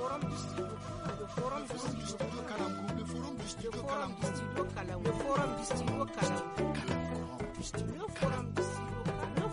forum district the forum district the forum district the forum district the forum district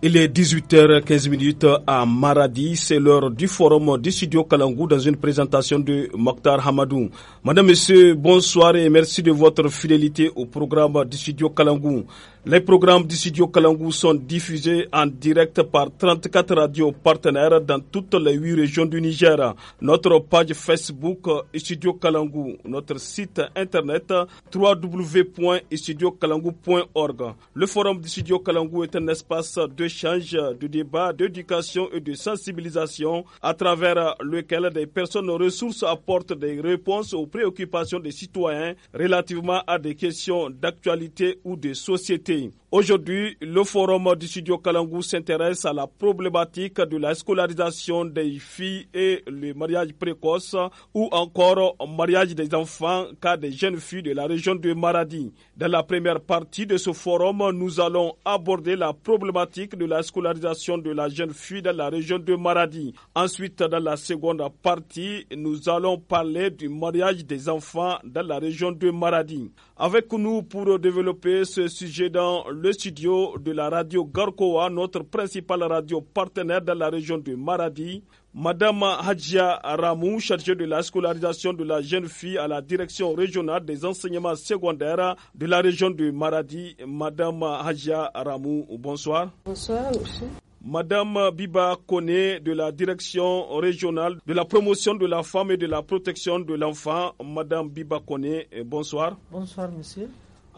Il est 18h15 à Maradi, c'est l'heure du forum du studio Kalangou dans une présentation de Mokhtar Hamadou. Madame, Monsieur, bonsoir et merci de votre fidélité au programme du studio Kalangou. Les programmes du studio Kalangou sont diffusés en direct par 34 radios partenaires dans toutes les huit régions du Niger. Notre page Facebook Studio Kalangou, notre site internet www.studiokalangou.org. Le forum du studio Kalangou est un espace d'échange, de débat, d'éducation et de sensibilisation à travers lequel des personnes aux ressources apportent des réponses aux préoccupations des citoyens relativement à des questions d'actualité ou de société. leeyihin Aujourd'hui, le forum du studio Kalangou s'intéresse à la problématique de la scolarisation des filles et le mariage précoce ou encore mariage des enfants cas des jeunes filles de la région de Maradi. Dans la première partie de ce forum, nous allons aborder la problématique de la scolarisation de la jeune fille de la région de Maradi. Ensuite, dans la seconde partie, nous allons parler du mariage des enfants dans la région de Maradi. Avec nous pour développer ce sujet dans le studio de la radio Garkoa, notre principale radio partenaire dans la région de Maradi, Madame Hadja Ramou, chargée de la scolarisation de la jeune fille à la direction régionale des enseignements secondaires de la région de Maradi. Madame Hadja Ramou, bonsoir. Bonsoir, monsieur. Madame Biba Kone de la direction régionale de la promotion de la femme et de la protection de l'enfant. Madame Biba Kone, bonsoir. Bonsoir, monsieur.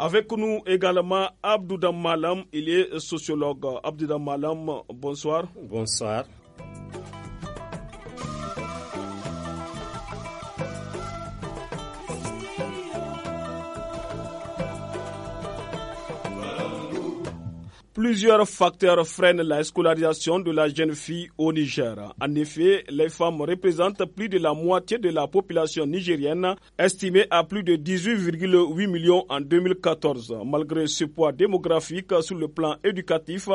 Avec nous également Abdou Malam, il est sociologue. Abdou Malam, bonsoir. Bonsoir. Plusieurs facteurs freinent la scolarisation de la jeune fille au Niger. En effet, les femmes représentent plus de la moitié de la population nigérienne, estimée à plus de 18,8 millions en 2014. Malgré ce poids démographique sur le plan éducatif,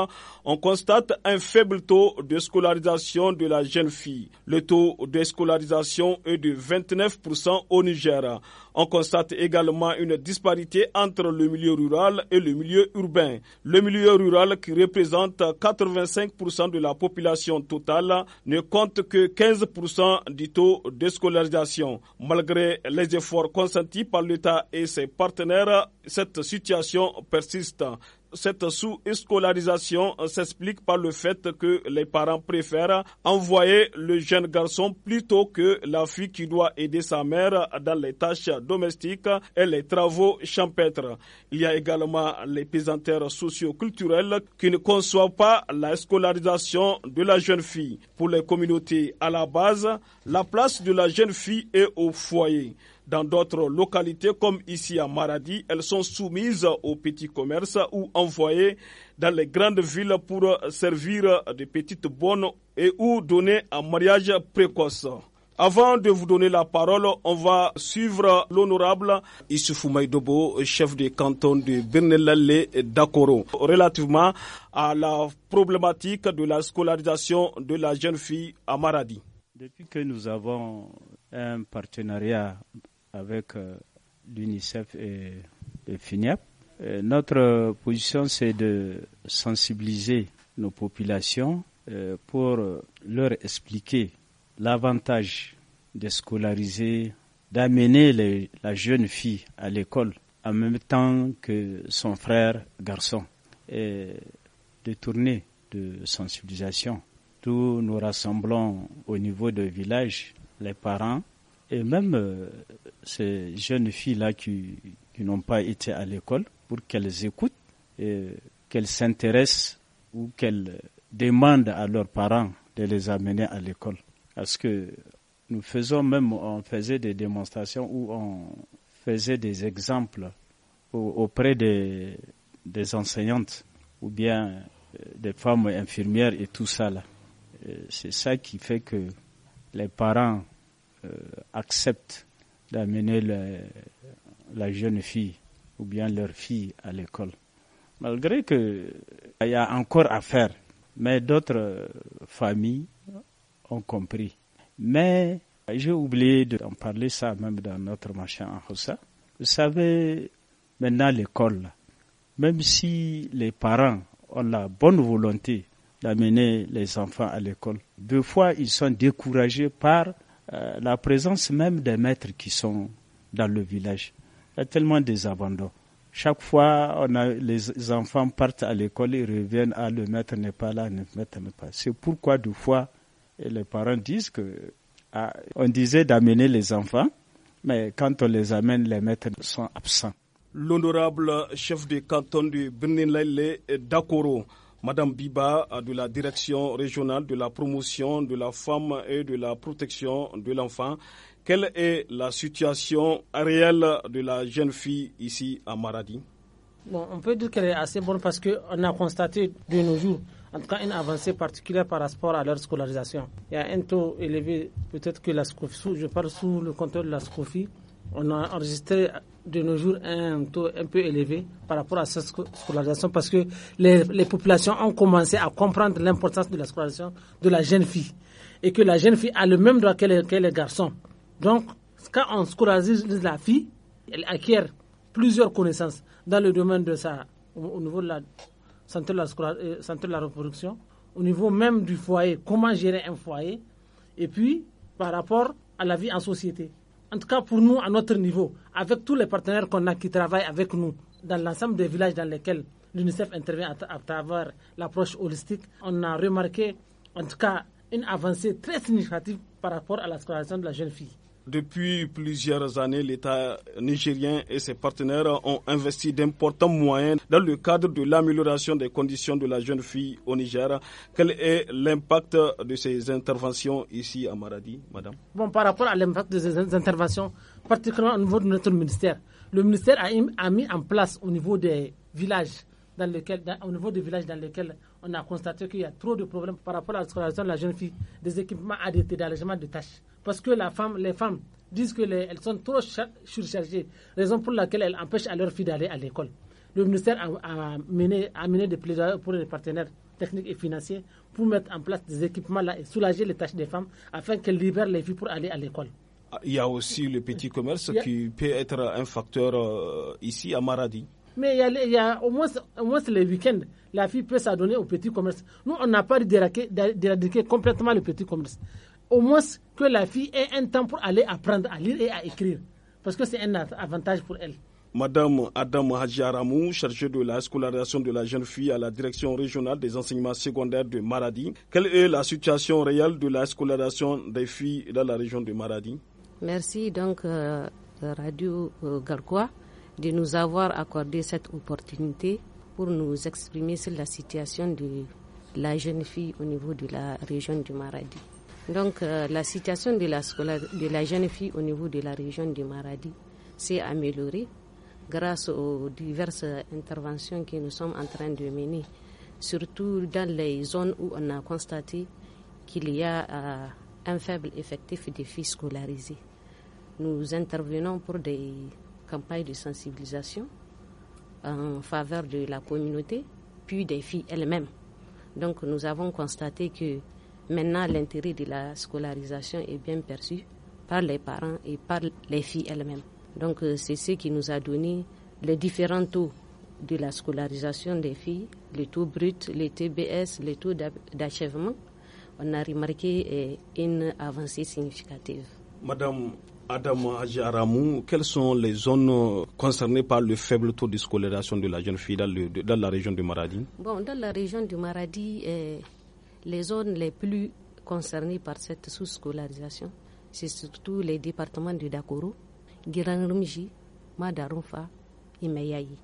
on constate un faible taux de scolarisation de la jeune fille. Le taux de scolarisation est de 29% au Niger. On constate également une disparité entre le milieu rural et le milieu urbain. Le milieu rural, qui représente 85% de la population totale, ne compte que 15% du taux de scolarisation. Malgré les efforts consentis par l'État et ses partenaires, cette situation persiste cette sous escolarisation euh, s'explique par le fait que les parents préfèrent envoyer le jeune garçon plutôt que la fille qui doit aider sa mère dans les tâches domestiques et les travaux champêtres. Il y a également les pesanteurs socio qui ne conçoivent pas la scolarisation de la jeune fille. Pour les communautés à la base, la place de la jeune fille est au foyer. Dans d'autres localités, comme ici à Maradi, elles sont soumises aux petits commerces ou envoyées dans les grandes villes pour servir de petites bonnes et ou donner un mariage précoce. Avant de vous donner la parole, on va suivre l'honorable Issoufou Maïdobo, chef du canton de Bernelalé d'Akoro, relativement à la problématique de la scolarisation de la jeune fille à Maradi. Depuis que nous avons un partenariat avec euh, l'UNICEF et le FINIAP. notre position, c'est de sensibiliser nos populations euh, pour euh, leur expliquer l'avantage de scolariser, d'amener la jeune fille à l'école en même temps que son frère garçon et de tourner de sensibilisation. Nous nous rassemblons au niveau de village les parents et même euh, ces jeunes filles-là qui, n'ont pas été à l'école, pour qu'elles écoutent, qu'elles s'intéressent ou qu'elles demandent à leurs parents de les amener à l'école. Parce que nous faisons même, on faisait des démonstrations ou on faisait des exemples auprès des, des enseignantes ou bien euh, des femmes infirmières et tout ça là. C'est ça qui fait que les parents euh, acceptent d'amener la jeune fille ou bien leur fille à l'école. Malgré qu'il euh, y a encore à faire, mais d'autres euh, familles ont compris. Mais j'ai oublié d'en parler ça même dans notre machin en Hossa. Vous savez, maintenant l'école, même si les parents ont la bonne volonté d'amener les enfants à l'école, deux fois ils sont découragés par euh, la présence même des maîtres qui sont dans le village. est tellement des Chaque fois, on les enfants partent à l'école, ils reviennent, à ah, le maître n'est pas là, le maître n'est pas C'est pourquoi, deux fois, les parents disent que, ah, on disait d'amener les enfants, mais quand on les amène, les maîtres sont absents. L'honorable chef du canton du benin est Dakoro. Madame Biba euh, de la Direction régionale de la promotion de la femme et de la protection de l'enfant. Quelle est la situation réelle de la jeune fille ici à Maradi On peut dire qu'elle est assez bonne parce qu'on a constaté de nos jours, en tout cas, une avancée particulière par rapport à leur scolarisation. Il y a un taux élevé, peut-être que la SCOFI, je parle sous le contrôle de la SCOFI, on a enregistré de nos jours un taux un peu élevé par rapport à cette scolarisation parce que les, populations ont commencé à comprendre l'importance de la scolarisation de la jeune fille et que la jeune fille a le même droit que les, garçons. Donc, quand on scolarise la fille, elle acquiert plusieurs connaissances dans le domaine de sa, au niveau de la santé de la, euh, santé de la reproduction, au niveau même du foyer, comment gérer un foyer, et puis par rapport à la vie en société en tout cas pour nous, à notre niveau, avec tous les partenaires qu'on a qui travaillent avec nous dans l'ensemble des villages dans lesquels l'UNICEF intervient à, travers l'approche holistique, on a remarqué en tout cas une avancée très significative par rapport à la scolarisation de la jeune fille. Depuis plusieurs années, l'État nigérien et ses partenaires ont investi d'importants moyens dans le cadre de l'amélioration des conditions de la jeune fille au Niger. Quel est l'impact de ces interventions ici à Maradi, madame Bon, par rapport à l'impact de ces interventions, particulièrement au niveau de notre ministère, le ministère a, mis en place au niveau des villages dans au niveau des villages dans lesquels on a constaté qu'il y a trop de problèmes par rapport à la de la jeune fille, des équipements à d'allégement de tâches. Parce que les femmes disent qu'elles sont trop surchargées, raison pour laquelle elles empêchent à leurs filles d'aller à l'école. Le ministère a, mené, des plaisirs pour les partenaires techniques et financiers pour mettre en place des équipements et soulager les tâches des femmes afin qu'elles libèrent les filles pour aller à l'école. Ah, il y a aussi le petit commerce qui peut être un facteur euh, ici à Maradi. Mais il y a, au, moins, au les week-ends, la fille peut s'adonner au petit commerce. Nous, on n'a pas d'éradiquer complètement le petit commerce au moins que la fille ait un temps pour aller apprendre à lire et à écrire, parce que c'est un avantage pour elle. Madame Adam Aramou chargée de la scolarisation de la jeune fille à la direction régionale des enseignements secondaires de Maradi, quelle est la situation réelle de la scolarisation des filles dans la région de Maradi Merci donc euh, Radio euh, de nous avoir accordé cette opportunité pour nous exprimer sur la situation de la jeune fille au niveau de la région de Maradi. Donc euh, la situation de la, de la jeune fille au niveau de la région du Maradi s'est améliorée grâce aux diverses interventions que nous sommes en train de mener, surtout dans les zones où on a constaté qu'il y a euh, un faible effectif de filles scolarisées. Nous intervenons pour des campagnes de sensibilisation en faveur de la communauté, puis des filles elles-mêmes. Donc nous avons constaté que Maintenant, l'intérêt de la scolarisation est bien perçu par les parents et par les filles elles-mêmes. Donc, euh, c'est ce qui nous a donné les différents taux de la scolarisation des filles, les taux bruts, les TBS, les taux d'achèvement. On a remarqué euh, une avancée significative. Madame Adam Ajaramou, quelles sont les zones concernées par le faible taux de scolarisation de la jeune fille dans, la région du Maradi bon, Dans la région du Maradi, euh, les zones les plus concernées par cette sous-scolarisation, c'est surtout les départements de Dakoro, Giranrumji, Madarumfa et Meyayi.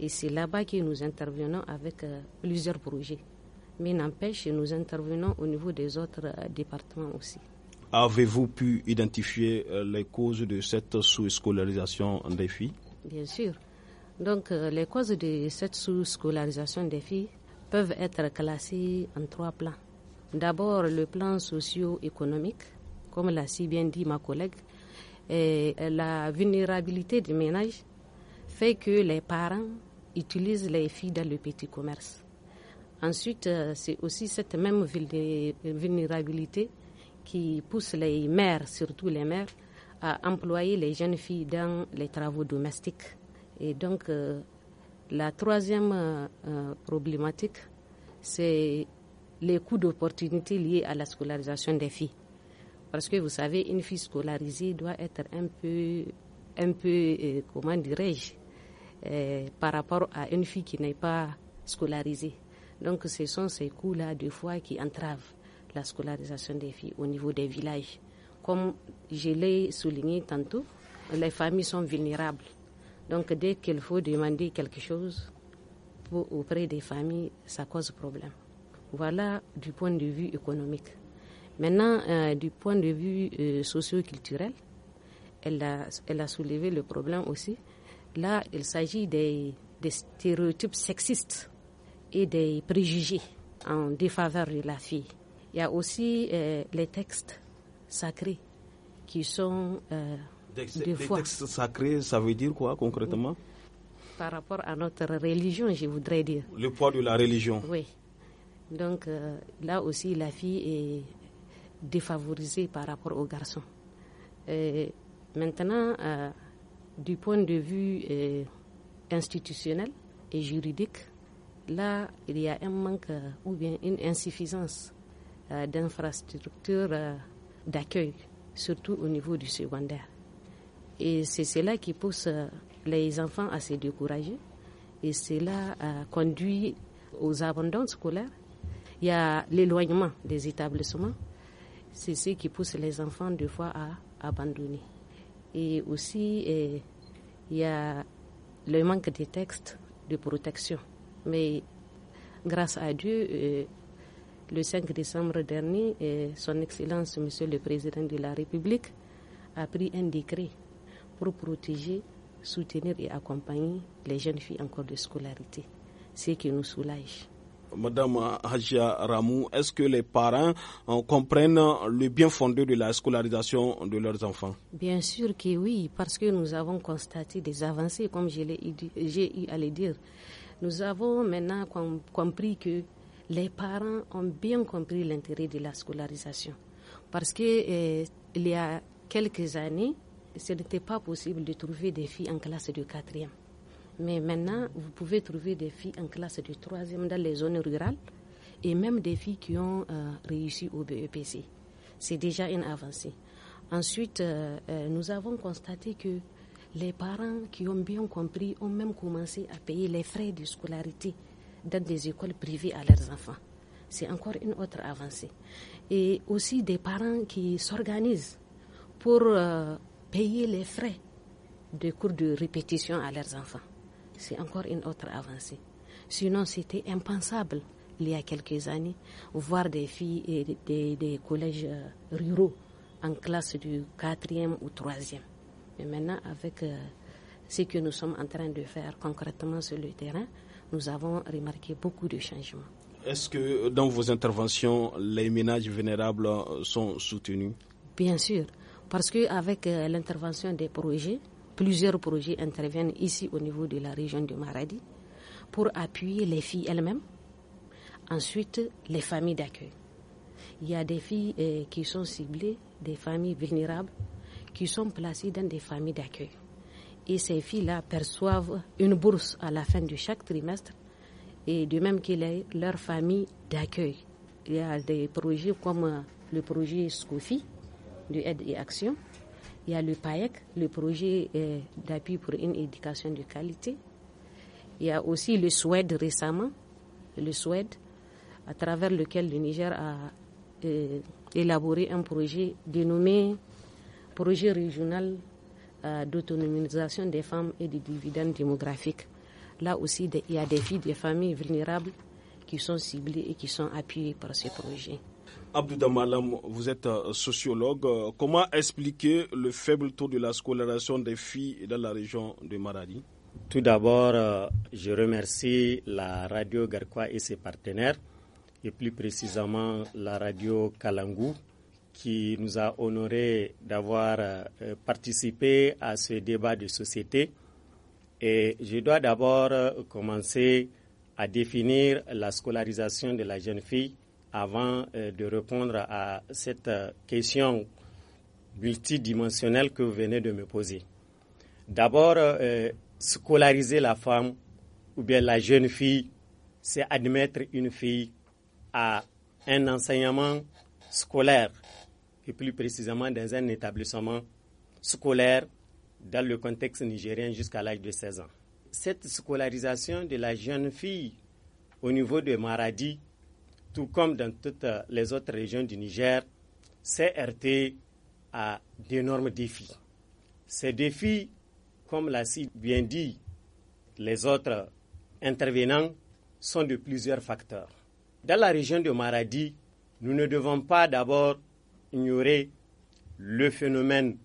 Et c'est là-bas que nous intervenons avec euh, plusieurs projets. Mais n'empêche, nous intervenons au niveau des autres euh, départements aussi. Avez-vous pu identifier euh, les causes de cette sous-scolarisation des filles Bien sûr. Donc, les causes de cette sous-scolarisation des filles, peuvent être classés en trois plans. D'abord, le plan socio-économique, comme l'a si bien dit ma collègue, et la vulnérabilité du ménage fait que les parents utilisent les filles dans le petit commerce. Ensuite, euh, c'est aussi cette même vulnérabilité qui pousse les mères, surtout les mères, à employer les jeunes filles dans les travaux domestiques. Et donc, euh, la troisième euh, euh, problématique, c'est les coûts d'opportunité liés à la scolarisation des filles. Parce que vous savez, une fille scolarisée doit être un peu, un peu euh, comment dirais-je, par rapport à une fille qui n'est pas scolarisée. Donc ce sont ces coûts-là, deux fois, qui entravent la scolarisation des filles au niveau des villages. Comme je l'ai souligné tantôt, les familles sont vulnérables donc dès qu'il faut demander quelque chose pour, auprès des familles, ça cause problème. Voilà du point de vue économique. Maintenant, euh, du point de vue euh, socio-culturel, elle a, soulevé le problème aussi. Là, il s'agit des, stéréotypes sexistes et des préjugés en défaveur de la fille. Il y a aussi euh, les textes sacrés qui sont des fois. textes sacrés, ça veut dire quoi concrètement Par rapport à notre religion, je voudrais dire. Le poids de la religion. Oui. Donc euh, là aussi, la fille est défavorisée par rapport aux garçons. maintenant, euh, du point de vue euh, institutionnel et juridique, là, il y a un manque ou bien une insuffisance d'infrastructures d'accueil, surtout au niveau du secondaire. Et c'est cela qui pousse euh, les enfants à se décourager. Et cela euh, conduit aux abandons scolaires. Il y a l'éloignement des établissements. C'est ce qui pousse les enfants des fois à abandonner. Et aussi, eh, il y a le manque de textes de protection. Mais grâce à Dieu, eh, le 5 décembre dernier, eh, Son Excellence, Monsieur le Président de la République, a pris un décret pour protéger, soutenir et accompagner les jeunes filles en cours de scolarité, ce qui nous soulage. Madame Hajia Ramou, est-ce que les parents euh, comprennent le bien fondé de la scolarisation de leurs enfants Bien sûr que oui, parce que nous avons constaté des avancées, comme j'ai eu à le dire. Nous avons maintenant compris que les parents ont bien compris l'intérêt de la scolarisation. Parce que euh, il y a quelques années, ce n'était pas possible de trouver des filles en classe de quatrième. Mais maintenant, vous pouvez trouver des filles en classe de troisième dans les zones rurales et même des filles qui ont euh, réussi au BEPC. C'est déjà une avancée. Ensuite, euh, euh, nous avons constaté que les parents qui ont bien compris ont même commencé à payer les frais de scolarité dans des écoles privées à leurs enfants. C'est encore une autre avancée. Et aussi des parents qui s'organisent pour payer les frais de cours de répétition à leurs enfants. C'est encore une autre avancée. Sinon, c'était impensable il y a quelques années, voir des filles et des, collèges euh, ruraux en classe du quatrième ou troisième. Mais maintenant, avec euh, ce que nous sommes en train de faire concrètement sur le terrain, nous avons remarqué beaucoup de changements. Est-ce que dans vos interventions, les ménages vénérables sont soutenus Bien sûr. Parce qu'avec euh, l'intervention des projets, plusieurs projets interviennent ici au niveau de la région du Maradi pour appuyer les filles elles-mêmes, ensuite les familles d'accueil. Il y a des filles euh, qui sont ciblées, des familles vulnérables, qui sont placées dans des familles d'accueil. Et ces filles-là perçoivent une bourse à la fin de chaque trimestre, et de même que leur famille d'accueil. Il y a des projets comme euh, le projet SCOFI, de aide et action. Il y a le PAEC, le projet euh, d'appui pour une éducation de qualité. Il y a aussi le SWED récemment, le SWED, à travers lequel le Niger a euh, élaboré un projet dénommé Projet régional euh, d'autonomisation des femmes et des dividendes démographiques. Là aussi, il y a des filles des familles vulnérables qui sont ciblées et qui sont appuyées par ce projet. Abdou Damalam, vous êtes euh, sociologue. Euh, comment expliquer le faible taux de la scolarisation des filles dans la région de Maradi Tout d'abord, euh, je remercie la radio Garquois et ses partenaires, et plus précisément la radio Kalangou, qui nous a honoré d'avoir participé à ce débat de société. Et je dois d'abord commencer à définir la scolarisation de la jeune fille avant euh, de répondre à cette euh, question multidimensionnelle que vous venez de me poser. D'abord, euh, scolariser la femme ou bien la jeune fille, c'est admettre une fille à un enseignement scolaire, et plus précisément dans un établissement scolaire dans le contexte nigérien jusqu'à l'âge de 16 ans. Cette scolarisation de la jeune fille au niveau de Maradi tout comme dans toutes euh, les autres régions du Niger, CRT a d'énormes défis. Ces défis, comme l'a si bien dit les autres intervenants, sont de plusieurs facteurs. Dans la région de Maradi, nous ne devons pas d'abord ignorer le phénomène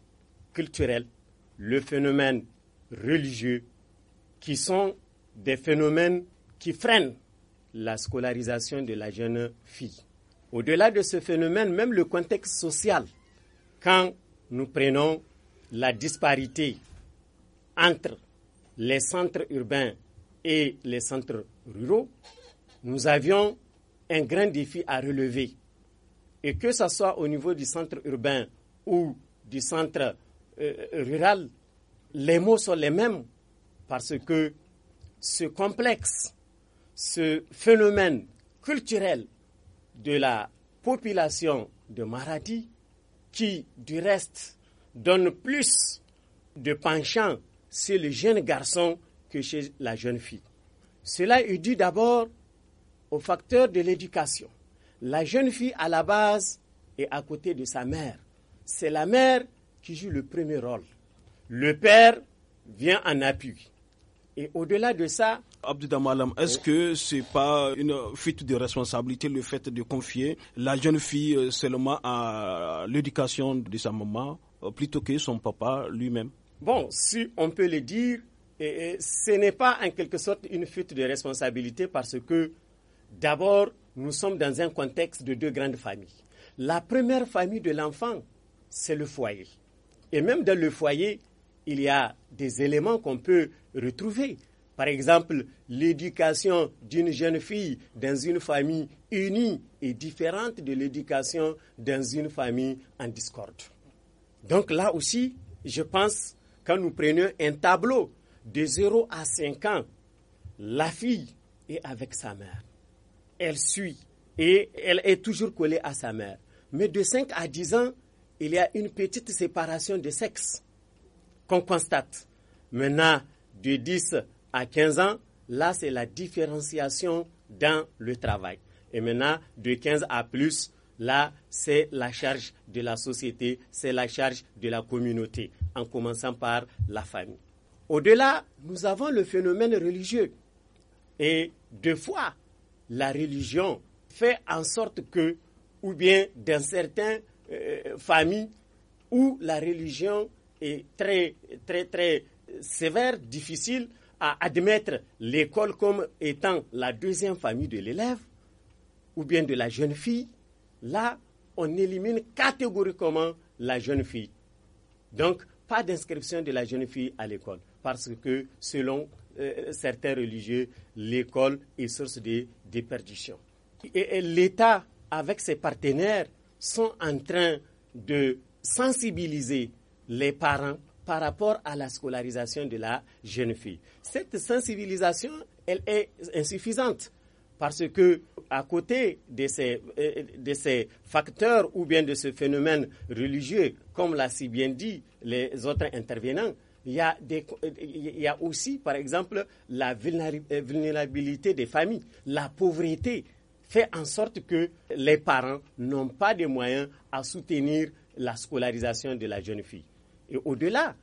culturel, le phénomène religieux, qui sont des phénomènes qui freinent la scolarisation de la jeune fille. Au-delà de ce phénomène, même le contexte social, quand nous prenons la disparité entre les centres urbains et les centres ruraux, nous avions un grand défi à relever. Et que ce soit au niveau du centre urbain ou du centre euh, euh, rural, les mots sont les mêmes parce que ce complexe ce phénomène culturel de la population de Maradi, qui du reste donne plus de penchant chez le jeune garçon que chez la jeune fille. Cela est dû d'abord au facteur de l'éducation. La jeune fille, à la base, est à côté de sa mère. C'est la mère qui joue le premier rôle. Le père vient en appui. Et au-delà de ça. Abdou est-ce que que n'est pas une fuite de responsabilité le fait de confier la jeune fille euh, seulement à l'éducation de sa maman euh, plutôt que son papa lui-même Bon, si on peut le dire, ce n'est pas en quelque sorte une fuite de responsabilité parce que d'abord, nous sommes dans un contexte de deux grandes familles. La première famille de l'enfant, c'est le foyer. Et même dans le foyer, il y a des éléments qu'on peut retrouver. Par exemple, l'éducation d'une jeune fille dans une famille unie est différente de l'éducation dans une famille en discorde. Donc là aussi, je pense, quand nous prenons un tableau de 0 à 5 ans, la fille est avec sa mère. Elle suit et elle est toujours collée à sa mère. Mais de 5 à 10 ans, il y a une petite séparation de sexe qu'on constate. Maintenant, de 10 à 15 ans, là, c'est la différenciation dans le travail. Et maintenant, de 15 à plus, là, c'est la charge de la société, c'est la charge de la communauté, en commençant par la famille. Au-delà, nous avons le phénomène religieux. Et deux fois, la religion fait en sorte que, ou bien dans certaines euh, familles où la religion est très, très, très sévère, difficile à admettre l'école comme étant la deuxième famille de l'élève ou bien de la jeune fille, là, on élimine catégoriquement la jeune fille. Donc, pas d'inscription de la jeune fille à l'école, parce que selon euh, certains religieux, l'école est source de déperdition. et l'État, avec ses partenaires, sont en train de sensibiliser les parents par rapport à la scolarisation de la jeune fille. Cette sensibilisation, elle est insuffisante parce que à côté de ces, euh, de ces facteurs ou bien de ce phénomène religieux, comme l'a si bien dit les autres intervenants, il y, a des, euh, il y a aussi, par exemple, la euh, vulnérabilité des familles, la pauvreté fait en sorte que les parents n'ont pas de moyens à soutenir la scolarisation de la jeune fille et au-delà.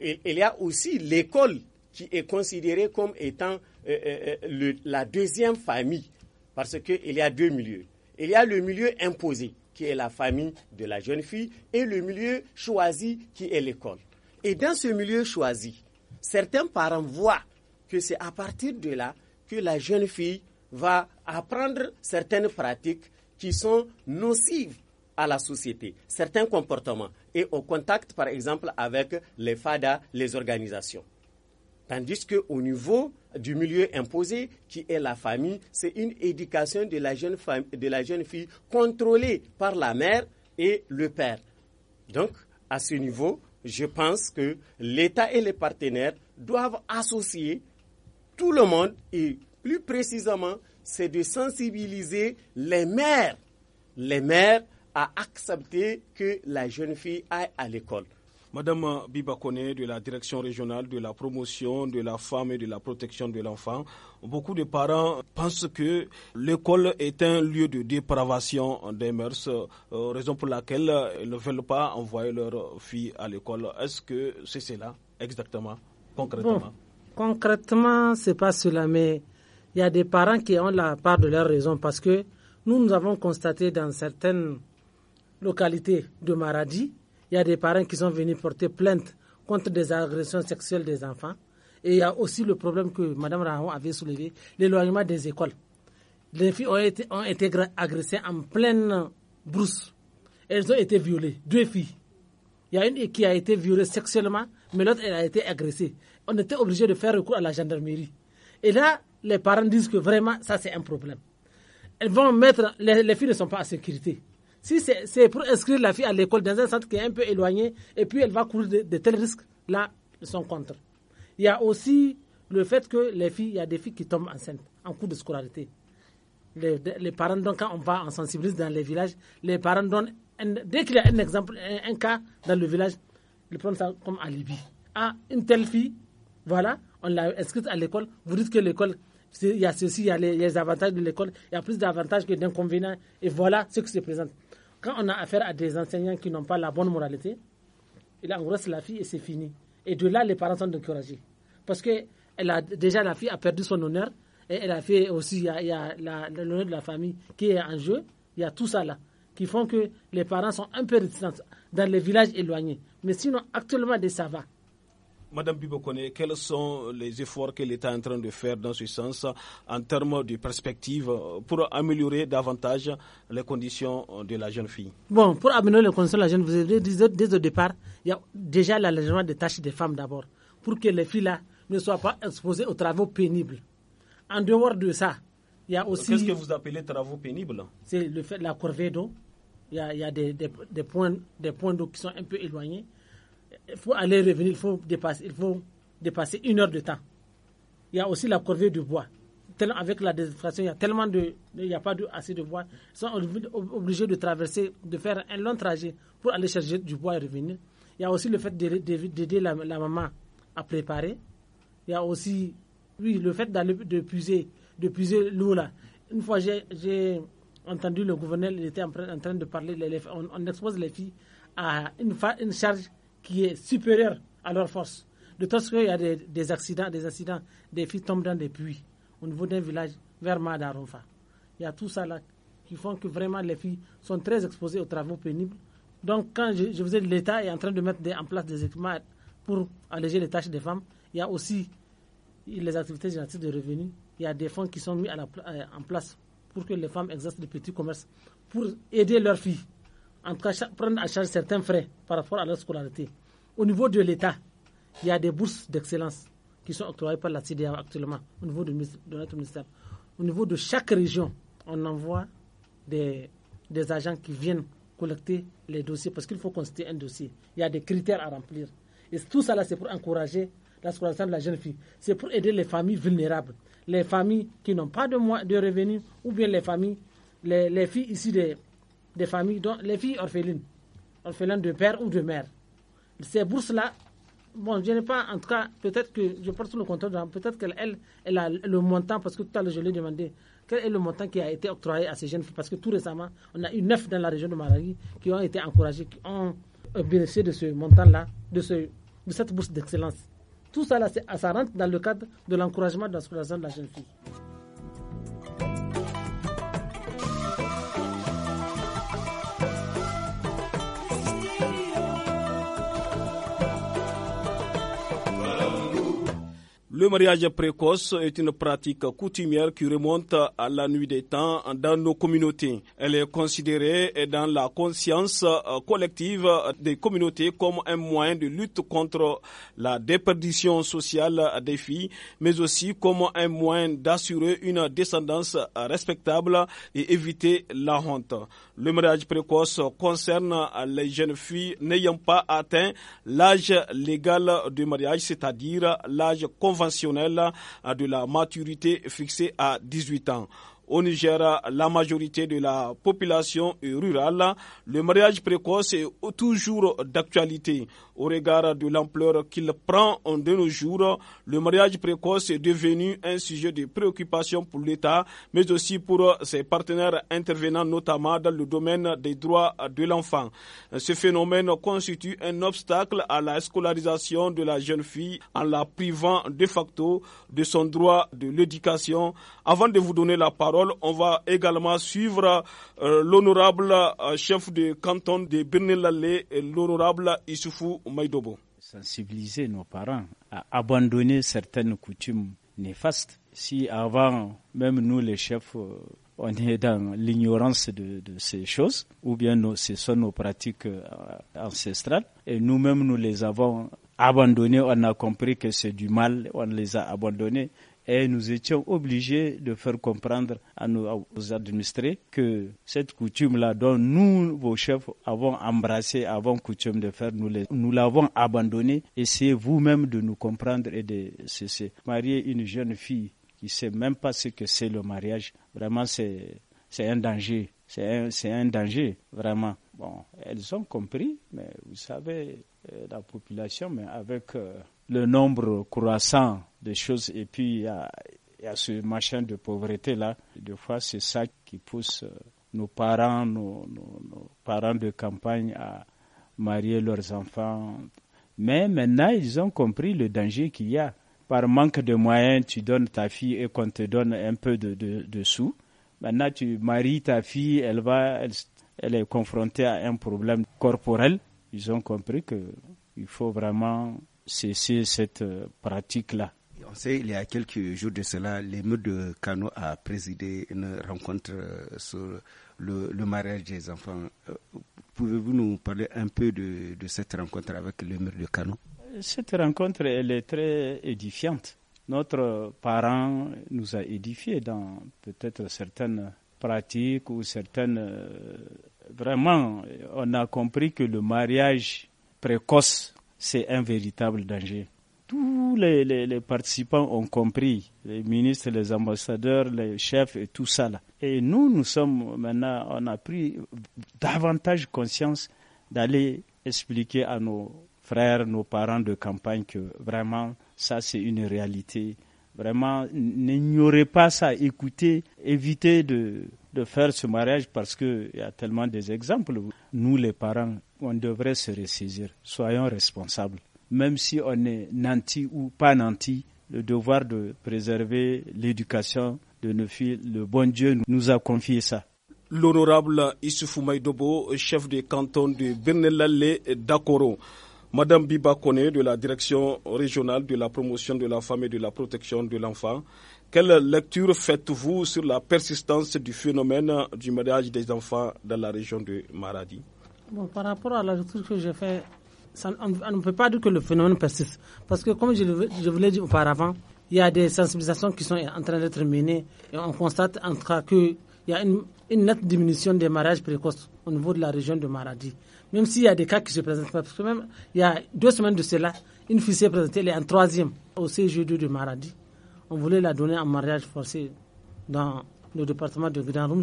Il y a aussi l'école qui est considérée comme étant euh, euh, euh, la deuxième famille, parce qu'il y a deux milieux. Il y a le milieu imposé, qui est la famille de la jeune fille, et le milieu choisi, qui est l'école. Et dans ce milieu choisi, certains parents voient que c'est à partir de là que la jeune fille va apprendre certaines pratiques qui sont nocives à la société, certains comportements et au contact, par exemple, avec les FADA, les organisations. Tandis qu'au niveau du milieu imposé, qui est la famille, c'est une éducation de la, jeune femme, de la jeune fille contrôlée par la mère et le père. Donc, à ce niveau, je pense que l'État et les partenaires doivent associer tout le monde et plus précisément, c'est de sensibiliser les mères. Les mères à accepter que la jeune fille aille à l'école. Madame Bibakone de la direction régionale de la promotion de la femme et de la protection de l'enfant, beaucoup de parents pensent que l'école est un lieu de dépravation des mœurs, euh, raison pour laquelle ils ne veulent pas envoyer leur fille à l'école. Est-ce que c'est cela exactement, concrètement bon, Concrètement, n'est pas cela, mais il y a des parents qui ont la part de leur raison parce que nous, nous avons constaté dans certaines localité de Maradi, il y a des parents qui sont venus porter plainte contre des agressions sexuelles des enfants. Et il y a aussi le problème que Mme Rahon avait soulevé, l'éloignement des écoles. Les filles ont été, agressées en pleine brousse. Elles ont été violées, deux filles. Il y a une qui a été violée sexuellement, mais l'autre, elle a été agressée. On était obligé de faire recours à la gendarmerie. Et là, les parents disent que vraiment, ça, c'est un problème. Elles vont mettre. Les, les filles ne sont pas en sécurité. Si c'est pour inscrire la fille à l'école dans un centre qui est un peu éloigné, et puis elle va courir de, tels risques, là, ils sont contre. Il y a aussi le fait que les filles, il y a des filles qui tombent enceintes en cours de scolarité. Les, parents, donc, quand on va en sensibilise dans les villages, les parents donnent, dès qu'il y a un exemple, un, cas dans le village, ils prennent ça comme alibi. Ah, une telle fille, voilà, on l'a inscrite à l'école, vous dites que l'école, il y a ceci, il y a les avantages de l'école, il y a plus d'avantages que d'inconvénients, et voilà ce qui se présente. Quand on a affaire à des enseignants qui n'ont pas la bonne moralité, il reste la fille et c'est fini. Et de là, les parents sont découragés. Parce que déjà, la fille a perdu son honneur. Et elle a fait aussi, il y a, l'honneur de la famille qui est en jeu. Il y a tout ça là, qui font que les parents sont un peu résistants dans les villages éloignés. Mais sinon, actuellement, ça va. Madame Bibokone, quels sont les efforts que l'État est en train de faire dans ce sens en termes de perspective pour améliorer davantage les conditions de la jeune fille Bon, pour améliorer les conditions de la jeune fille, vous avez dit dès le départ, il y a déjà l'allègement des tâches des femmes d'abord, pour que les filles-là ne soient pas exposées aux travaux pénibles. En dehors de ça, il y a aussi. Qu'est-ce que vous appelez travaux pénibles C'est le fait de la corvée d'eau. Il y a, des points d'eau qui sont un peu éloignés il faut aller revenir, il faut dépasser, il faut dépasser une heure de temps. Il y a aussi la corvée du bois. avec la désinfection, il y a tellement de, il n'y a pas de, assez de bois. Ils sont obligés de traverser, de faire un long trajet pour aller chercher du bois et revenir. Il y a aussi le fait d'aider la, maman à préparer. Il y a aussi, oui, le fait d'aller de puiser, de puiser l'eau là. Une fois, j'ai entendu le gouverneur, il était en, train de parler, on, on expose les filles à une charge qui est supérieur à leur force. De façon, il y a des, accidents, des accidents, des filles tombent dans des puits au niveau d'un village vers Madaronfa. Il y a tout ça là qui font que vraiment les filles sont très exposées aux travaux pénibles. Donc quand je, vous ai dit l'État est en train de mettre en place des équipements pour alléger les tâches des femmes, il y a aussi les activités génératives de revenus, il y a des fonds qui sont mis euh, en place pour que les femmes exercent des petits commerces, pour aider leurs filles en tout cas prendre à charge certains frais par rapport à leur scolarité. Au niveau de l'État, il y a des bourses d'excellence qui sont octroyées par la CDA actuellement au niveau de, notre ministère. Au niveau de chaque région, on envoie des, des agents qui viennent collecter les dossiers parce qu'il faut constituer un dossier. Il y a des critères à remplir. Et tout ça, c'est pour encourager la scolarité de la jeune fille. C'est pour aider les familles vulnérables, les familles qui n'ont pas de, de revenus ou bien les familles, les, les filles ici des, des familles dont les filles orphelines, orphelines de père ou de mère. Ces bourses-là, bon, je n'ai pas, en tout cas, peut-être que je porte le contrôle, peut-être qu'elle elle, a le montant, parce que tout à l'heure je lui ai demandé quel est le montant qui a été octroyé à ces jeunes filles, parce que tout récemment, on a eu neuf dans la région de Maragui qui ont été encouragés, qui ont euh, bénéficié de ce montant-là, de, cette bourse d'excellence. Tout ça, là, ça rentre dans le cadre de l'encouragement de la de la jeune fille. Le mariage précoce est une pratique coutumière qui remonte à la nuit des temps dans nos communautés. Elle est considérée dans la conscience collective des communautés comme un moyen de lutte contre la déperdition sociale des filles, mais aussi comme un moyen d'assurer une descendance respectable et éviter la honte. Le mariage précoce concerne les jeunes filles n'ayant pas atteint l'âge légal du mariage, c'est-à-dire l'âge conventionnel de la maturité fixée à 18 ans. Au Niger, la majorité de la population est rurale. Le mariage précoce est toujours d'actualité. Au regard de l'ampleur qu'il prend en de nos jours, le mariage précoce est devenu un sujet de préoccupation pour l'État, mais aussi pour ses partenaires intervenants, notamment dans le domaine des droits de l'enfant. Ce phénomène constitue un obstacle à la scolarisation de la jeune fille en la privant de facto de son droit de l'éducation. Avant de vous donner la parole, on va également suivre euh, l'honorable euh, chef de canton de et l'honorable Issoufou Sensibiliser nos parents à abandonner certaines coutumes néfastes. Si avant, même nous les chefs, euh, on est dans l'ignorance de, ces choses, ou bien ce sont nos pratiques euh, ancestrales, et nous-mêmes nous les avons abandonnées, on a compris que c'est du mal, on les a abandonnées, et nous étions obligés de faire comprendre à nos aux administrés que cette coutume-là dont nous, vos chefs, avons embrassé, avons coutume de faire, nous l'avons abandonnée. Essayez vous-même de nous comprendre et de cesser. Marier une jeune fille qui ne sait même pas ce que c'est le mariage, vraiment c'est un danger. C'est un, danger, vraiment. Bon, elles ont compris, mais vous savez, euh, la population, mais avec euh, le nombre croissant des choses. Et puis, il y a, ce machin de pauvreté-là. Des fois, c'est ça qui pousse euh, nos parents, nos, parents de campagne à marier leurs enfants. Mais maintenant, ils ont compris le danger qu'il y a. Par manque de moyens, tu donnes ta fille et qu'on te donne un peu de, sous. Maintenant, tu maries ta fille, elle va, elle est confrontée à un problème corporel. Ils ont compris qu'il faut vraiment cesser cette euh, pratique-là il y a quelques jours de cela, l'émeute de Cano a présidé une rencontre euh, sur le, mariage des enfants. Euh, pouvez-vous nous parler un peu de, cette rencontre avec l'émeute de Cano Cette rencontre, elle est très édifiante. Notre parent nous a édifiés dans peut-être certaines pratiques ou certaines... Euh, vraiment, on a compris que le mariage précoce, c'est un véritable danger tous les, participants ont compris, les ministres, les ambassadeurs, les chefs et tout ça. Là. Et nous, nous sommes maintenant, on a pris davantage conscience d'aller expliquer à nos frères, nos parents de campagne que vraiment, ça c'est une réalité. Vraiment, n'ignorez pas ça, écoutez, évitez de, de faire ce mariage parce qu'il y a tellement des exemples. Nous, les parents, on devrait se ressaisir. Soyons responsables même si on est nanti ou pas nanti, le devoir de préserver l'éducation de nos filles. Le bon Dieu nous a confié ça. L'honorable Issoufou Maïdobo, chef du canton de Birnelale d'Akoro. Madame Biba Kone de la direction régionale de la promotion de la femme et de la protection de l'enfant. Quelle lecture faites-vous sur la persistance du phénomène du mariage des enfants dans la région de Maradi Par rapport à la lecture que j'ai faite, on, ne peut pas dire que le phénomène persiste. Parce que, comme je, je vous l'ai dit auparavant, il y a des sensibilisations qui sont en train d'être menées et on constate en cas qu'il y a une, nette diminution des mariages précoces au niveau de la région de Maradi. Même s'il y a des cas qui se présentent pas, parce que même il y a deux semaines de cela, une fille s'est présentée, elle est en troisième au CG2 de Maradi. On voulait la donner en mariage forcé dans le département de Grand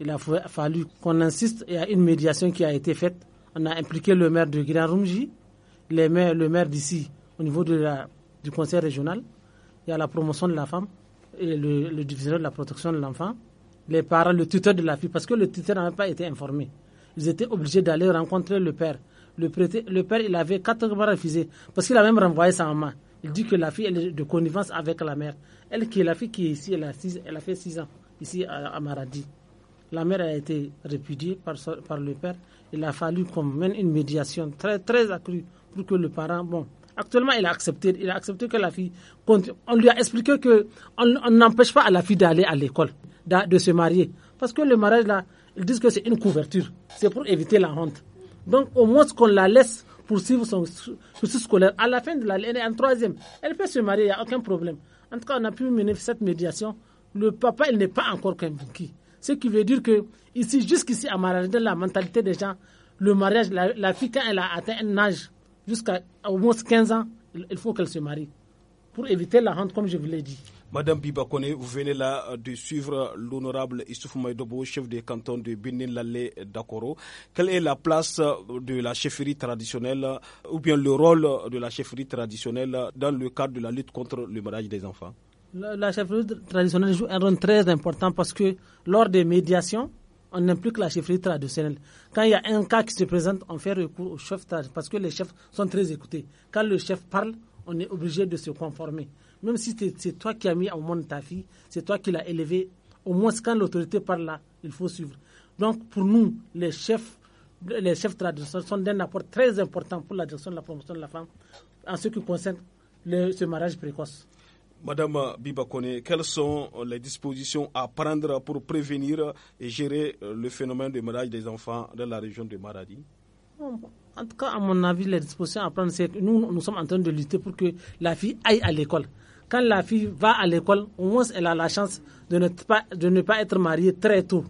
Il a fallu qu'on insiste, il y a une médiation qui a été faite on a impliqué le maire de Grand Rumji, le maire d'ici au niveau de la, du conseil régional. Il y a la promotion de la femme et le, le divisionnaire de la protection de l'enfant, les parents, le tuteur de la fille, parce que le tuteur n'avait pas été informé. Ils étaient obligés d'aller rencontrer le père. Le, père, il avait quatre refusé, parce qu'il a même renvoyé sa maman. Il dit que la fille, elle est de connivence avec la mère. Elle, qui est la fille qui est ici, elle a, elle a fait six ans, ici à, Maradi. La mère a été répudiée par, par le père il a fallu qu'on mène une médiation très, très accrue pour que le parent, bon, actuellement, il a accepté, il a accepté que la fille On lui a expliqué que on n'empêche pas à la fille d'aller à l'école, de, de, se marier. Parce que le mariage, là, ils disent que c'est une couverture. C'est pour éviter la honte. Donc, au moins, qu'on la laisse poursuivre son souci scolaire. À la fin de l'année, elle est en troisième. Elle peut se marier, il n'y a aucun problème. En tout cas, on a pu mener cette médiation. Le papa, il n'est pas encore convaincu. Ce qui veut dire que ici, jusqu'ici, à Maradon, la mentalité des gens, le mariage, la, fille, quand elle a atteint un âge, jusqu'à au moins 15 ans, il faut qu'elle se marie pour éviter la honte, comme je vous l'ai dit. Madame Bibakone, vous venez là euh, de suivre l'honorable Issouf Maïdobo, chef des cantons de Benin Lalé d'Akoro. Quelle est la place euh, de la chefferie traditionnelle euh, ou bien le rôle de la chefferie traditionnelle dans le cadre de la lutte contre le mariage des enfants la, chef chefferie traditionnelle joue un rôle très important parce que lors des médiations, on implique la chefferie traditionnelle. Quand il y a un cas qui se présente, on fait recours au chef parce que les chefs sont très écoutés. Quand le chef parle, on est obligé de se conformer. Même si c'est toi qui as mis au monde ta fille, c'est toi qui l'as élevée, au moins quand l'autorité parle là, il faut suivre. Donc pour nous, les chefs, les chefs traditionnels sont d'un apport très important pour la direction de la promotion de la femme en ce qui concerne le, ce mariage précoce. Madame Bibakone, quelles sont les dispositions à prendre pour prévenir et gérer le phénomène de mariage des enfants dans la région de Maradi En tout cas, à mon avis, les dispositions à prendre, c'est que nous, nous sommes en train de lutter pour que la fille aille à l'école. Quand la fille va à l'école, au moins elle a la chance de ne pas, de ne pas être mariée très tôt.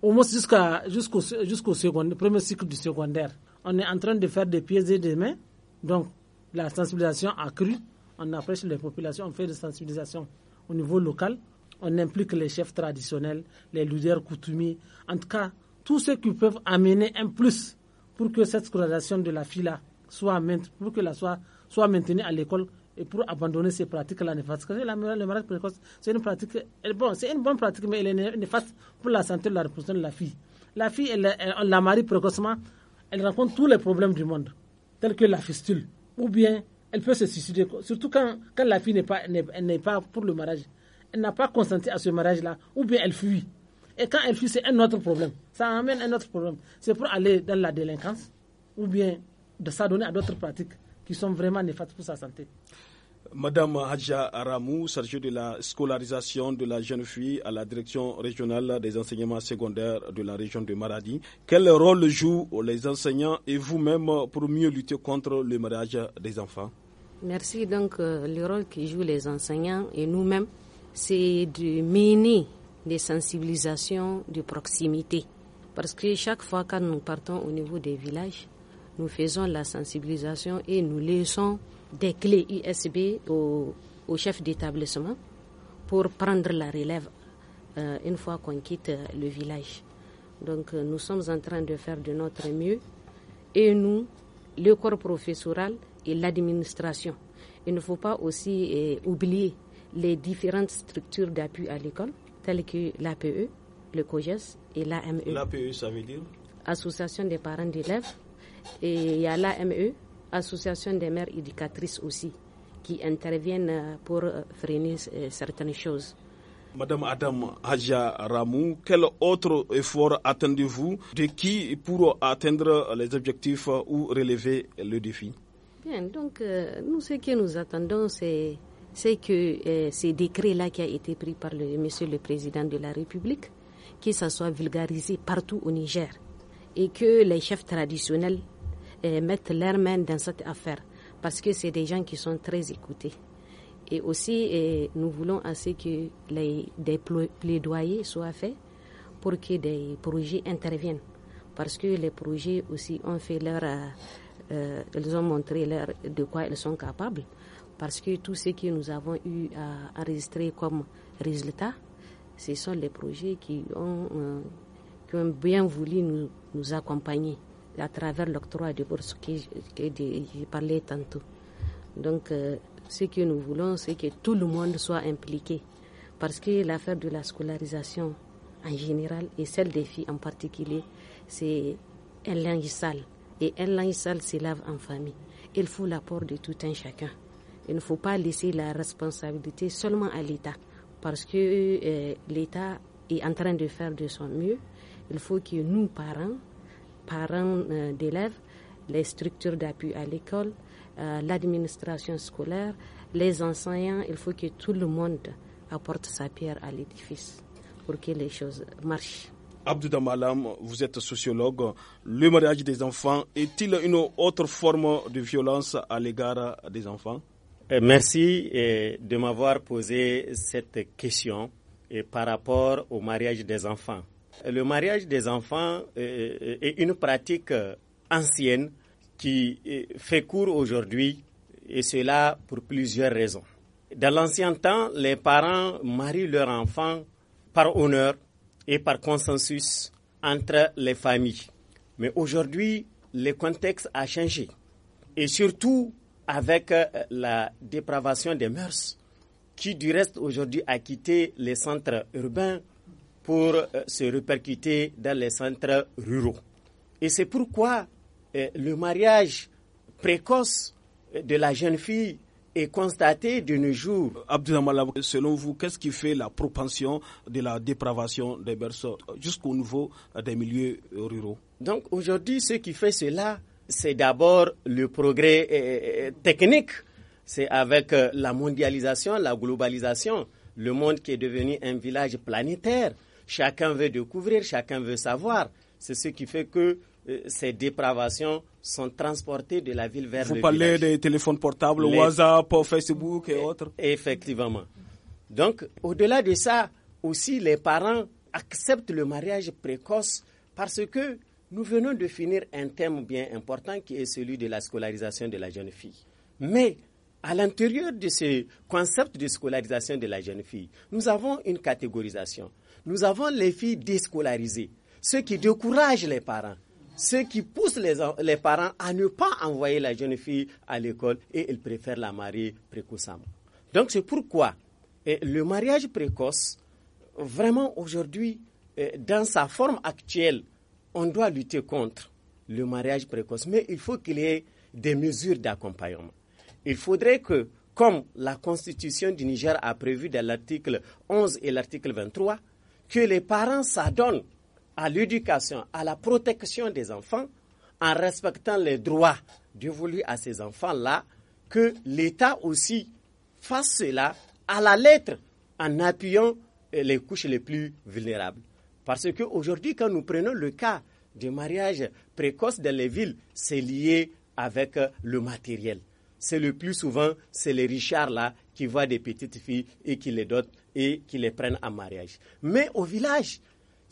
Au moins jusqu'à, jusqu'au, jusqu'au premier cycle du secondaire. On est en train de faire des pieds et des mains. Donc, la sensibilisation accrue on apprécie les populations, on fait des sensibilisations au niveau local, on implique les chefs traditionnels, les leaders coutumiers, en tout cas, tous ceux qui peuvent amener un plus pour que cette scolarisation de la fille-là soit, pour que la soit, soit maintenue à l'école et pour abandonner ces pratiques-là néfastes. le mariage précoce, c'est une pratique, bon, c'est une bonne pratique, mais elle est néfaste pour la santé de la reproduction de la fille. La fille, on la marie précocement, elle rencontre tous les problèmes du monde, tels que la fistule, ou bien elle peut se suicider, surtout quand, quand la fille n'est pas, pas pour le mariage. Elle n'a pas consenti à ce mariage-là, ou bien elle fuit. Et quand elle fuit, c'est un autre problème. Ça amène un autre problème. C'est pour aller dans la délinquance, ou bien de s'adonner à d'autres pratiques qui sont vraiment néfastes pour sa santé. Madame Hadja Aramou, chargée de la scolarisation de la jeune fille à la direction régionale des enseignements secondaires de la région de Maradi, quel rôle jouent les enseignants et vous-même pour mieux lutter contre le mariage des enfants Merci. Donc, euh, le rôle que jouent les enseignants et nous-mêmes, c'est de mener des sensibilisations de proximité. Parce que chaque fois que nous partons au niveau des villages, nous faisons la sensibilisation et nous laissons des clés USB au, chef d'établissement pour prendre la relève euh, une fois qu'on quitte euh, le village. Donc nous sommes en train de faire de notre mieux et nous, le corps professoral, et l'administration. Il ne faut pas aussi euh, oublier les différentes structures d'appui à l'école, telles que l'APE, le COGES et l'AME. L'APE, ça veut dire Association des parents d'élèves. Et il y a l'AME, Association des mères éducatrices aussi, qui interviennent euh, pour euh, freiner certaines choses. Madame Adam Haja Ramou, quel autre effort attendez-vous de qui pour atteindre les objectifs ou relever le défi Bien, donc euh, nous, ce que nous attendons, c'est que euh, ces décrets-là qui a été pris par le, Monsieur le Président de la République, que ça soit vulgarisé partout au Niger et que les chefs traditionnels euh, mettent leurs mains dans cette affaire parce que c'est des gens qui sont très écoutés. Et aussi, nous voulons assez que les, des plaidoyers soient faits pour que des projets interviennent. Parce que les projets aussi ont fait leur, elles euh, ont montré de quoi elles sont capables. Parce que tout ce que nous avons eu à enregistrer comme résultat, ce sont les projets qui ont, euh, ont bien voulu nous, accompagner à travers l'octroi de bourse que, j'ai parlé tantôt. Donc, euh, ce que nous voulons, c'est que tout le monde soit impliqué. Parce que l'affaire de la scolarisation en général et celle des filles en particulier, c'est un linge sale et un linge sale se lave en famille. Il faut l'apport de tout un chacun. Il ne faut pas laisser la responsabilité seulement à l'État, parce que euh, l'État est en train de faire de son mieux. Il faut que nous, parents, parents euh, d'élèves, les structures d'appui à l'école, euh, l'administration scolaire, les enseignants, il faut que tout le monde apporte sa pierre à l'édifice pour que les choses marchent. Abdou Damalam, vous êtes sociologue. Le mariage des enfants est-il une autre forme de violence à l'égard des enfants eh, Merci eh, de m'avoir posé cette question eh, par rapport au mariage des enfants. Le mariage des enfants est une pratique ancienne qui fait cours aujourd'hui et cela pour plusieurs raisons. Dans l'ancien temps, les parents marient leurs enfants par honneur et par consensus entre les familles. Mais aujourd'hui, le contexte a changé. Et surtout avec euh, la dépravation des mœurs, qui du reste aujourd'hui a quitté les centres urbains pour euh, se répercuter dans les centres ruraux. Et c'est pourquoi euh, le mariage précoce de la jeune fille est constatée de nos jours. selon vous, qu'est-ce qui fait la propension de la dépravation des berceaux jusqu'au niveau des milieux ruraux Donc aujourd'hui, ce qui fait cela, c'est d'abord le progrès euh, euh, technique. C'est avec euh, la mondialisation, la globalisation, le monde qui est devenu un village planétaire. Chacun veut découvrir, chacun veut savoir. C'est ce qui fait que euh, ces dépravations sont transportées de la ville vers le village. Vous parlez des téléphones portables, WhatsApp, Facebook et autres e-, Effectivement. Donc, au-delà de ça, aussi les parents acceptent le mariage précoce parce que nous venons de finir un thème bien important qui est celui de la scolarisation de la jeune fille. Mais à l'intérieur de ce concept de scolarisation de la jeune fille, nous avons une catégorisation. Nous avons les filles déscolarisées, ce qui décourage les parents ce qui pousse les, parents à ne pas envoyer la jeune fille à l'école et ils préfèrent la marier précocement. Donc c'est pourquoi eh, le mariage précoce, vraiment aujourd'hui, eh, dans sa forme actuelle, on doit lutter contre le mariage précoce. Mais il faut qu'il y ait des mesures d'accompagnement. Il faudrait que, comme la Constitution du Niger a prévu dans l'article 11 et l'article 23, que les parents s'adonnent à l'éducation, à la protection des enfants, en respectant les droits dévolus à ces enfants-là, que l'État aussi fasse cela à la lettre, en appuyant euh, les couches les plus vulnérables. Parce qu'aujourd'hui, quand nous prenons le cas du mariage précoce dans les villes, c'est lié avec euh, le matériel. C'est le plus souvent, c'est les richards là qui voient des petites filles et qui les dotent et qui les prennent en mariage. Mais au village,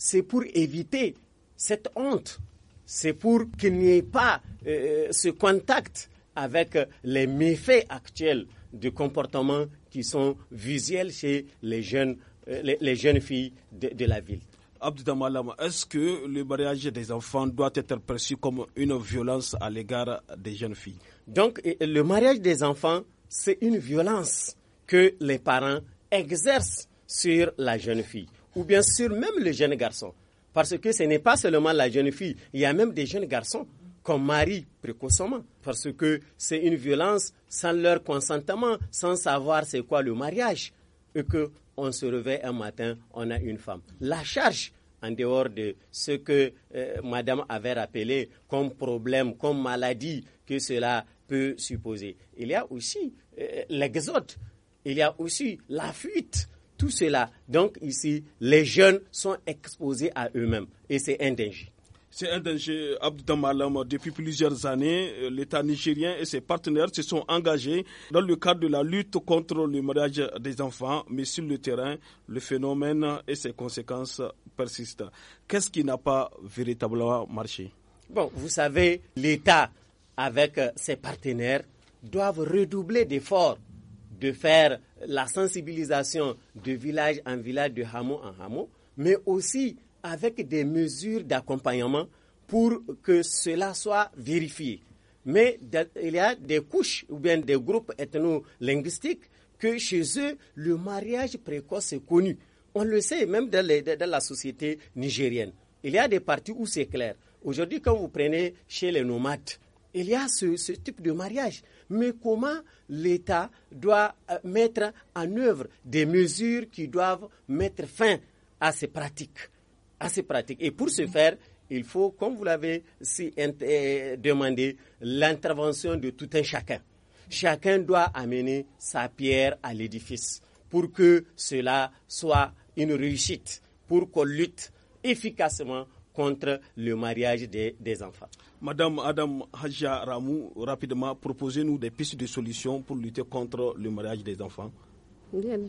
c'est pour éviter cette honte, c'est pour qu'il n'y ait pas euh, ce contact avec les méfaits actuels du comportement qui sont visuels chez les jeunes, euh, filles de, la ville. Abdou est-ce que le mariage des enfants doit être perçu comme une violence à l'égard des jeunes filles Donc, euh, le mariage des enfants, c'est une violence que les parents exercent sur la jeune fille ou bien sûr même les jeunes garçons Parce que ce n'est pas seulement la jeune fille, il y a même des jeunes garçons qu'on marie précocement, parce que c'est une violence sans leur consentement, sans savoir c'est quoi le mariage, et que on se réveille un matin, on a une femme. La charge, en dehors de ce que euh, Madame avait rappelé comme problème, comme maladie que cela peut supposer, il y a aussi euh, l'exode, il y a aussi la fuite tout cela. Donc ici, les jeunes sont exposés à eux-mêmes et c'est un danger. C'est un danger, Abdou Depuis plusieurs années, euh, l'État nigérien et ses partenaires se sont engagés dans le cadre de la lutte contre le mariage des enfants, mais sur le terrain, le phénomène et ses conséquences persistent. Qu'est-ce qui n'a pas véritablement marché Bon, vous savez, l'État, avec euh, ses partenaires, doivent redoubler d'efforts de faire la sensibilisation de village en village, de hameau en hameau, mais aussi avec des mesures d'accompagnement pour que cela soit vérifié. Mais il y a des couches ou bien des groupes ethno-linguistiques que chez eux, le mariage précoce est connu. On le sait même dans, la société nigérienne. Il y a des parties où c'est clair. Aujourd'hui, quand vous prenez chez les nomades, il y a ce type de mariage mais comment l'État doit euh, mettre en œuvre des mesures qui doivent mettre fin à ces pratiques. À ces pratiques. Et pour ce faire, il faut, comme vous l'avez si euh, demandé, l'intervention de tout un chacun. Chacun doit amener sa pierre à l'édifice pour que cela soit une réussite, pour qu'on lutte efficacement contre le mariage des, enfants. Madame Adam Hajja rapidement, proposez-nous des pistes de solutions pour lutter contre le mariage des enfants.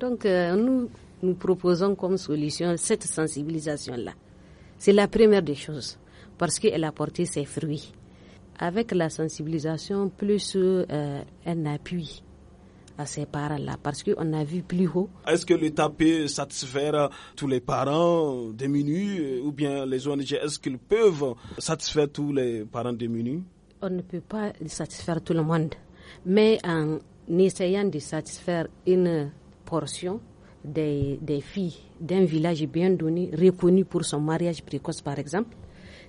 donc, euh, nous, nous proposons comme solution cette sensibilisation-là. C'est la première des choses, parce qu'elle a porté ses fruits. Avec la sensibilisation, plus euh, un appui ces parents-là Parce qu'on a vu plus haut. Est-ce que l'État peut satisfaire euh, tous les parents euh, démunis euh, ou bien les ONG, est-ce qu'ils peuvent satisfaire tous les parents démunis On ne peut pas satisfaire tout le monde, mais en essayant de satisfaire une portion des, des filles d'un village bien donné, reconnu pour son mariage précoce par exemple,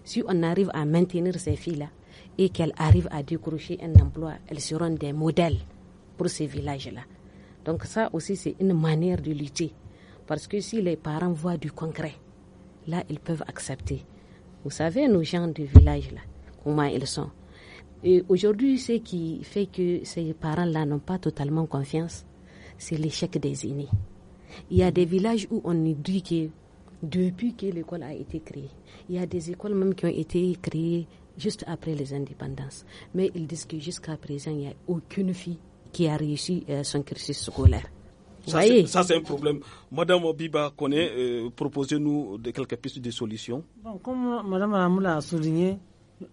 si on arrive à maintenir ces filles-là et qu'elles arrivent à décrocher un emploi, elles seront des modèles pour ces villages-là. Donc ça aussi, c'est une manière de lutter. Parce que si les parents voient du concret, là, ils peuvent accepter. Vous savez, nos gens de village, là, comment ils sont. Et aujourd'hui, ce qui fait que ces parents-là n'ont pas totalement confiance, c'est l'échec des aînés. Il y a des villages où on dit que depuis que l'école a été créée, il y a des écoles même qui ont été créées juste après les indépendances. Mais ils disent que jusqu'à présent, il n'y a aucune fille qui a réussi euh, son cursus scolaire. Ça, c'est un problème. Madame Obiba connaît, euh, proposez-nous quelques pistes de solutions. comme euh, Madame Ramoula a souligné,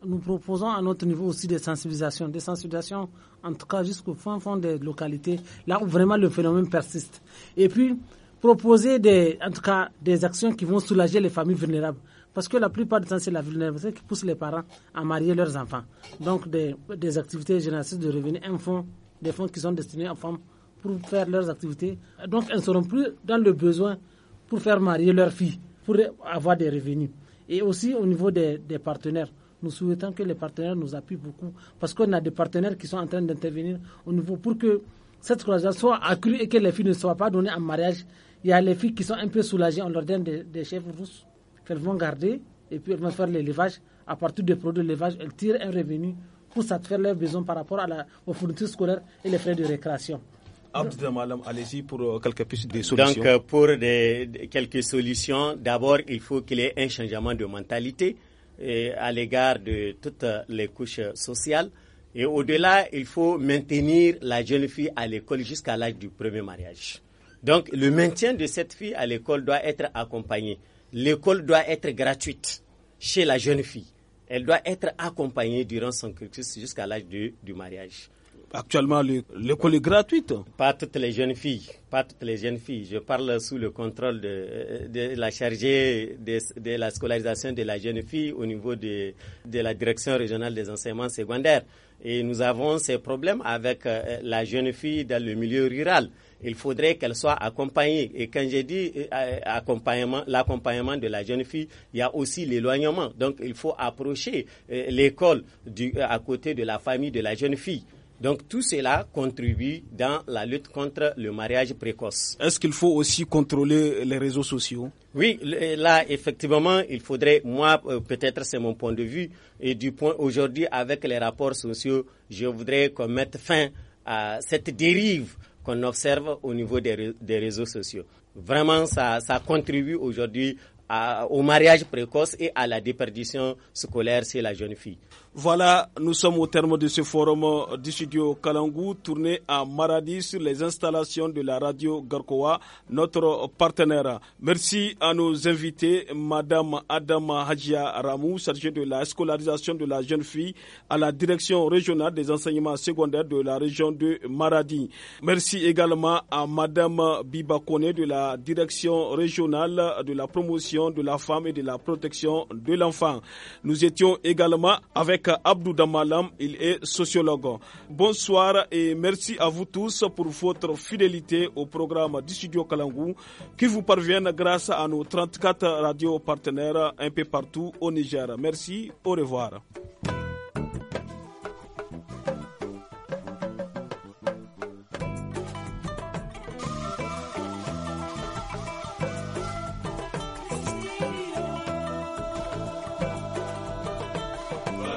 nous proposons à notre niveau aussi des sensibilisations, des sensibilisations en tout cas jusqu'au fond des localités, là où vraiment le phénomène persiste. Et puis, proposer des, en tout cas, des actions qui vont soulager les familles vulnérables. Parce que la plupart du temps, c'est la vulnérabilité qui pousse les parents à marier leurs enfants. Donc, des, des activités génératrices de revenus, un des fonds qui sont destinés aux femmes pour faire leurs activités. Donc, elles ne seront plus dans le besoin pour faire marier leurs filles, pour avoir des revenus. Et aussi au niveau des, partenaires, nous souhaitons que les partenaires nous appuient beaucoup parce qu'on a des partenaires qui sont en train d'intervenir au niveau pour que cette croissance soit accrue et que les filles ne soient pas données en mariage. Il y a les filles qui sont un peu soulagées, on leur donne des, chefs rousses qu'elles vont garder et puis elles vont faire l'élevage. À partir des produits d'élevage, elles tirent un revenu pour satisfaire leurs besoins par rapport à la, aux fournitures scolaires et les frais de récréation. Ah, madame, allez-y pour euh, quelques pistes solutions. Donc, euh, pour des, quelques solutions, d'abord, il faut qu'il y ait un changement de mentalité euh, à l'égard de toutes les couches sociales. Et au-delà, il faut maintenir la jeune fille à l'école jusqu'à l'âge du premier mariage. Donc, le maintien de cette fille à l'école doit être accompagné. L'école doit être gratuite chez la jeune fille elle doit être accompagnée durant son cursus jusqu'à l'âge du mariage. Actuellement, l'école est gratuite. Pas toutes les jeunes filles, pas toutes les jeunes filles. Je parle sous le contrôle de, de la chargée de, de, la scolarisation de la jeune fille au niveau de, de la direction régionale des enseignements secondaires. Et nous avons ces problèmes avec euh, la jeune fille dans le milieu rural il faudrait qu'elle soit accompagnée. Et quand j'ai dit euh, euh, accompagnement, l'accompagnement de la jeune fille, il y a aussi l'éloignement. Donc il faut approcher euh, l'école à côté de la famille de la jeune fille. Donc tout cela contribue dans la lutte contre le mariage précoce. Est-ce qu'il faut aussi contrôler les réseaux sociaux Oui, là effectivement, il faudrait, moi peut-être c'est mon point de vue, et du point aujourd'hui avec les rapports sociaux, je voudrais qu'on mette fin à cette dérive qu'on observe au niveau des, des réseaux sociaux. Vraiment, ça, ça contribue aujourd'hui au mariage précoce et à la déperdition scolaire chez la jeune fille. Voilà, nous sommes au terme de ce forum du studio Kalangou tourné à Maradi sur les installations de la radio Garkoa, notre partenaire. Merci à nos invités, Madame Adama Hajia Ramou, chargée de la scolarisation de la jeune fille à la direction régionale des enseignements secondaires de la région de Maradi. Merci également à Madame Bibakone de la direction régionale de la promotion de la femme et de la protection de l'enfant. Nous étions également avec Abdou Damalam, il est sociologue. Bonsoir et merci à vous tous pour votre fidélité au programme du studio Kalangou qui vous parvient grâce à nos 34 radios partenaires un peu partout au Niger. Merci, au revoir.